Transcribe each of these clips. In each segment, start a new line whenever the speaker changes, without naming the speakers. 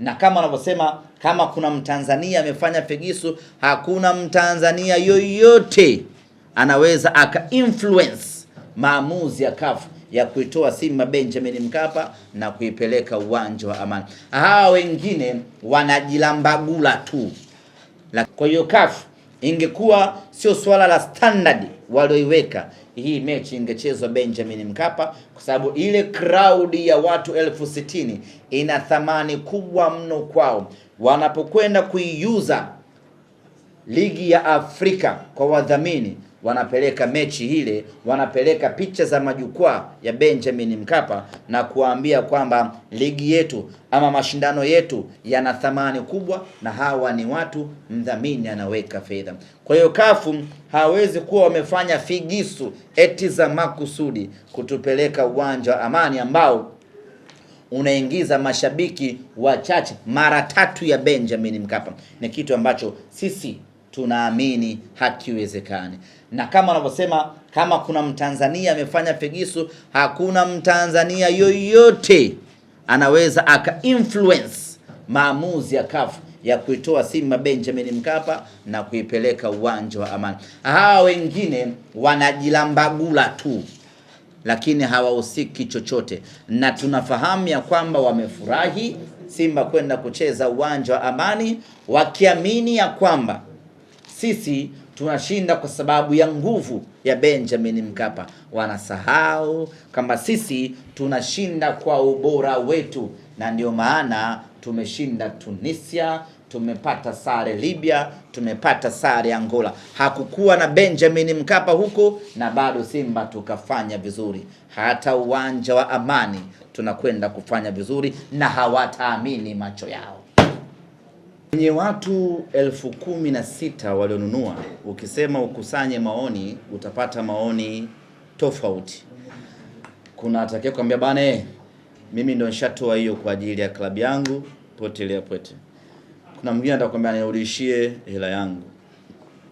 na kama wanavyosema, kama kuna Mtanzania amefanya figisu, hakuna Mtanzania yoyote anaweza aka influence maamuzi ya kafu ya kuitoa Simba Benjamin Mkapa na kuipeleka uwanja wa Amani. Hawa wengine wanajilambagula tu. Kwa hiyo kafu ingekuwa sio swala la standard walioiweka, hii mechi ingechezwa Benjamin Mkapa, kwa sababu ile crowd ya watu elfu sitini ina thamani kubwa mno kwao wanapokwenda kuiuza ligi ya Afrika kwa wadhamini wanapeleka mechi ile, wanapeleka picha za majukwaa ya Benjamin Mkapa na kuambia kwamba ligi yetu ama mashindano yetu yana thamani kubwa, na hawa ni watu, mdhamini anaweka fedha. Kwa hiyo kafu hawezi kuwa wamefanya figisu eti za makusudi kutupeleka uwanja wa Amani ambao unaingiza mashabiki wachache mara tatu ya Benjamin Mkapa, ni kitu ambacho sisi tunaamini hakiwezekani. Na kama wanavyosema, kama kuna mtanzania amefanya figisu, hakuna mtanzania yoyote anaweza aka influence maamuzi ya kafu ya kuitoa Simba Benjamin Mkapa na kuipeleka uwanja wa Amani. Hawa wengine wanajilambagula tu, lakini hawahusiki chochote, na tunafahamu ya kwamba wamefurahi Simba kwenda kucheza uwanja wa Amani wakiamini ya kwamba sisi tunashinda kwa sababu ya nguvu ya Benjamin Mkapa. Wanasahau kama sisi tunashinda kwa ubora wetu, na ndio maana tumeshinda Tunisia, tumepata sare Libya, tumepata sare Angola. Hakukuwa na Benjamin Mkapa huko, na bado Simba tukafanya vizuri. Hata uwanja wa Amani tunakwenda kufanya vizuri, na hawataamini macho yao.
Kwenye watu elfu kumi na sita walionunua, ukisema ukusanye maoni utapata maoni tofauti. Kuna atakaye kuambia bana, eh, mimi ndo nishatoa hiyo kwa ajili ya klabu yangu, potelea pwete. Kuna mwingine atakwambia niurudishie hela yangu.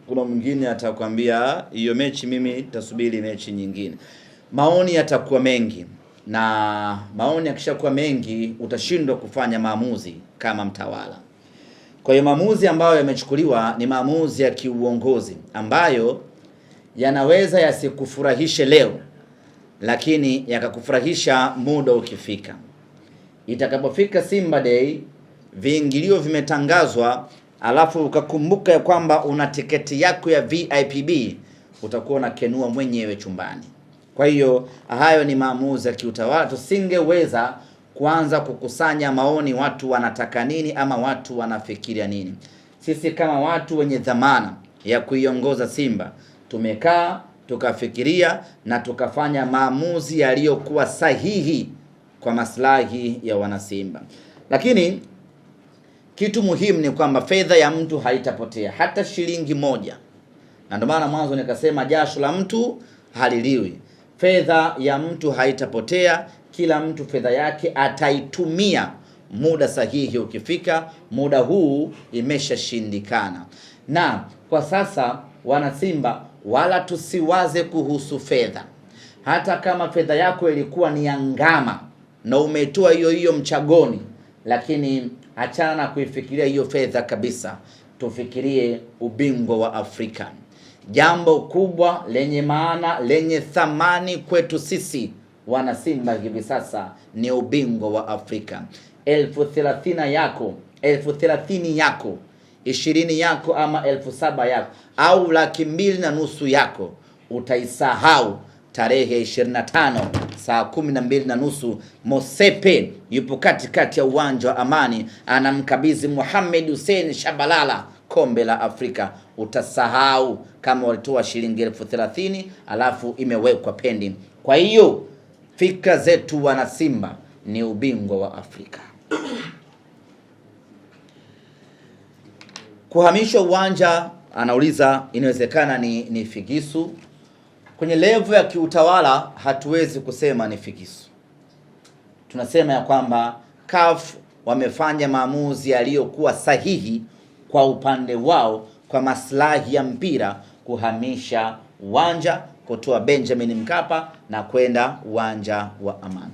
Kuna mwingine atakwambia hiyo mechi mimi tasubiri mechi nyingine. Maoni yatakuwa mengi, na maoni yakishakuwa mengi utashindwa kufanya maamuzi kama mtawala. Kwa hiyo maamuzi ambayo yamechukuliwa ni maamuzi ya kiuongozi ambayo yanaweza yasikufurahishe leo, lakini yakakufurahisha muda ukifika. Itakapofika Simba Day, viingilio vimetangazwa, alafu ukakumbuka ya kwamba una tiketi yako ya VIPB, utakuwa unakenua mwenyewe chumbani. Kwa hiyo hayo ni maamuzi ya kiutawala, tusingeweza kuanza kukusanya maoni, watu wanataka nini ama watu wanafikiria nini. Sisi kama watu wenye dhamana ya kuiongoza Simba tumekaa tukafikiria na tukafanya maamuzi yaliyokuwa sahihi kwa maslahi ya wanasimba. Lakini kitu muhimu ni kwamba fedha ya mtu haitapotea hata shilingi moja, na ndio maana mwanzo nikasema jasho la mtu haliliwi. Fedha ya mtu haitapotea kila mtu fedha yake ataitumia muda sahihi ukifika. Muda huu imeshashindikana, na kwa sasa wanasimba, wala tusiwaze kuhusu fedha. Hata kama fedha yako ilikuwa ni ya ngama na umetoa hiyo hiyo mchagoni, lakini achana na kuifikiria hiyo fedha kabisa. Tufikirie ubingwa wa Afrika, jambo kubwa lenye maana lenye thamani kwetu sisi wana Simba hivi sasa ni ubingwa wa Afrika. elfu yako, elfu thelathini yako, ishirini yako ama elfu saba yako au laki mbili na nusu yako utaisahau tarehe 25 saa kumi na mbili na nusu Mosepe yupo katikati ya uwanja wa Amani, anamkabidhi Muhamed Hussein Shabalala kombe la Afrika. Utasahau kama walitoa shilingi elfu thelathini alafu imewekwa pendi. Kwa hiyo Fikra zetu wanasimba ni ubingwa wa Afrika.
Kuhamishwa uwanja, anauliza inawezekana ni, ni figisu. Kwenye levu ya kiutawala hatuwezi kusema ni figisu, tunasema ya kwamba CAF wamefanya maamuzi yaliyokuwa sahihi kwa upande wao kwa maslahi ya mpira kuhamisha uwanja kutoa Benjamin Mkapa na kwenda uwanja wa Amani.